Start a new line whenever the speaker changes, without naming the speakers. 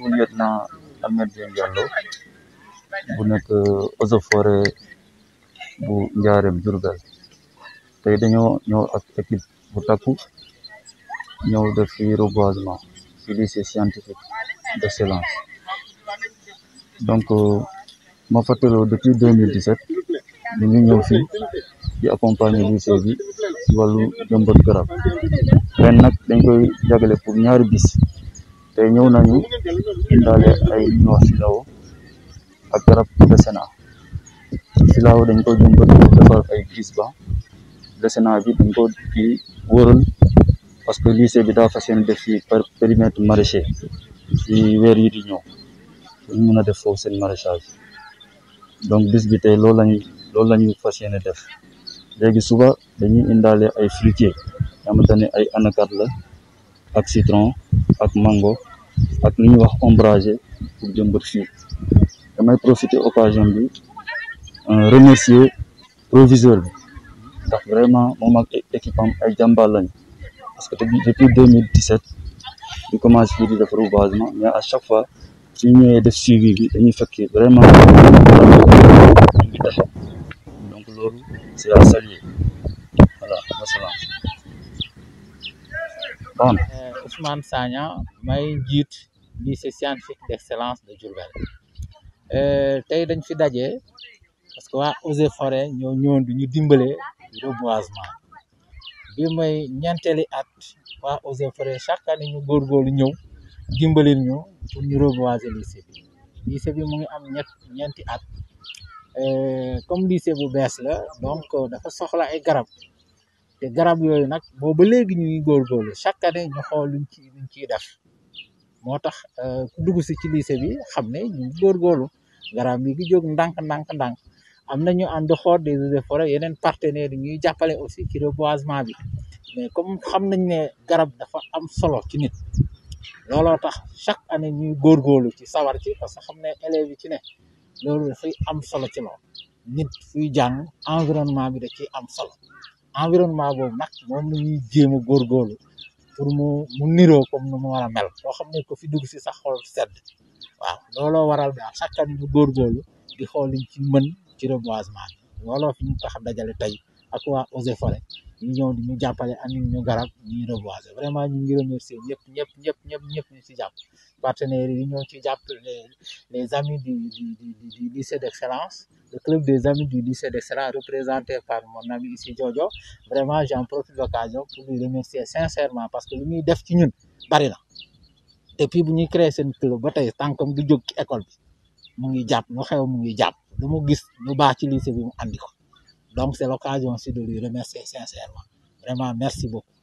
suñu lieutenant Ahmed Dieng bu nekk eaux et forêt bu Ndiarème Diourbel tey dañoo ñëw ak bu takku ñëw def fi reboisement ci lycée scientifique d'excellence donc euh, ma fàttaloo depuis 2017 ñu ngi ñëw fii di accompagner lycée bi ci wàllu garab ren nag dañ koy jagale pour ñaari bis te ñëw nañu indaale ay li ñuy wax silaw ak garab desena silaw dañ ko jëmbat defar ay gis ba desena bi dañ ko ci wëral parce que lycée bi daa fas yéene def fii par périmètre maraîcher ci weer yi di ñëw pour ñu a def foofu seen maraîchage donc bis bi tey loolu lañuy loolu la ñuy def léegi suba dañuy indaale ay fruitier xamante ne ay anacarde la ak citron ak mango ak li ñuy wax ombragé pour jëmbat fii damay profiter occasion bi euh, remercier proviseur bi ndax vraiment mon ak équipe am ay jàmbaar lañu parce que depuis 2017 ñu commencé fii di def reboisement mais à chaque fois suñu ñëwee def suivi bi dañuy fekk vraiment donc loolu c'est à saluer voilà wasalaam
bon Ousmane Sagna may njiit lycée scientifique d'excellence de Diourbel euh, tey dañ fi daje parce que waa Eaux et ñoo ñoon di ñu dimbale reboisement bi mooy ñeenteeli at waa Eaux et Forêts chaque année ñu góorgóorlu ñëw dimbalil ñu pour ñu reboiser lycée bi lycée bi mu ngi am ñett ñeenti at euh, comme lycée bu bees la donc dafa soxla ay garab te garab yooyu nag booba léegi ñu ngi góorgóorlu chaque année ñu xool luñ ci luñ ciy def moo tax euh, ku dugg si ci lycée bi xam ne ñu ngi garab yi gi jóg ndànk ndànk ndànk am nañu en dehors des eaux et forêts yeneen partenaire yi ñuy jàppale aussi ci reboisement bi mais comme xam nañ ne garab dafa am solo ci nit looloo tax chaque année ñuy góorgóorlu ci sawar ci parce que xam ne élèves ci ne loolu dafay am solo ci lool nit fuy jàng environnement bi da ciy am solo environnement boobu nag moom la ñuy jéem a góorgóorlu pour mu mu niroo comme nu mu war a mel loo xam ne ko fi dugg si sax xol sedd waaw looloo waral daal sakkan ñu góorgóorlu di xool liñ ci mën ci reboisement bi looloo fi ñu tax dajale tey ak waa Eaux et Forêts ñu ñëw di ñu jàppale am ñu garab ñuy reboiser vraiment ñu ngi remercier ñëpp ñëpp ñëpp ñëpp ñëpp ñu ci jàpp partenaires yi ñoo ci jàpp les les amis du du du lycée d'excellence le club des amis du lycée Sera, représenté par mon ami ici Jojo. Vraiment, j'en profite l'occasion pour lui remercier sincèrement parce que lui muy def ci ñun bari na depuis bu ñuy créer ce club ba tey tànkam du jóg ci école bi mu ngi jàpp mu xew mu ngi lu gis lu baax ci lycée bi mu andi donc c'est l'occasion aussi de lui remercier sincèrement vraiment merci beaucoup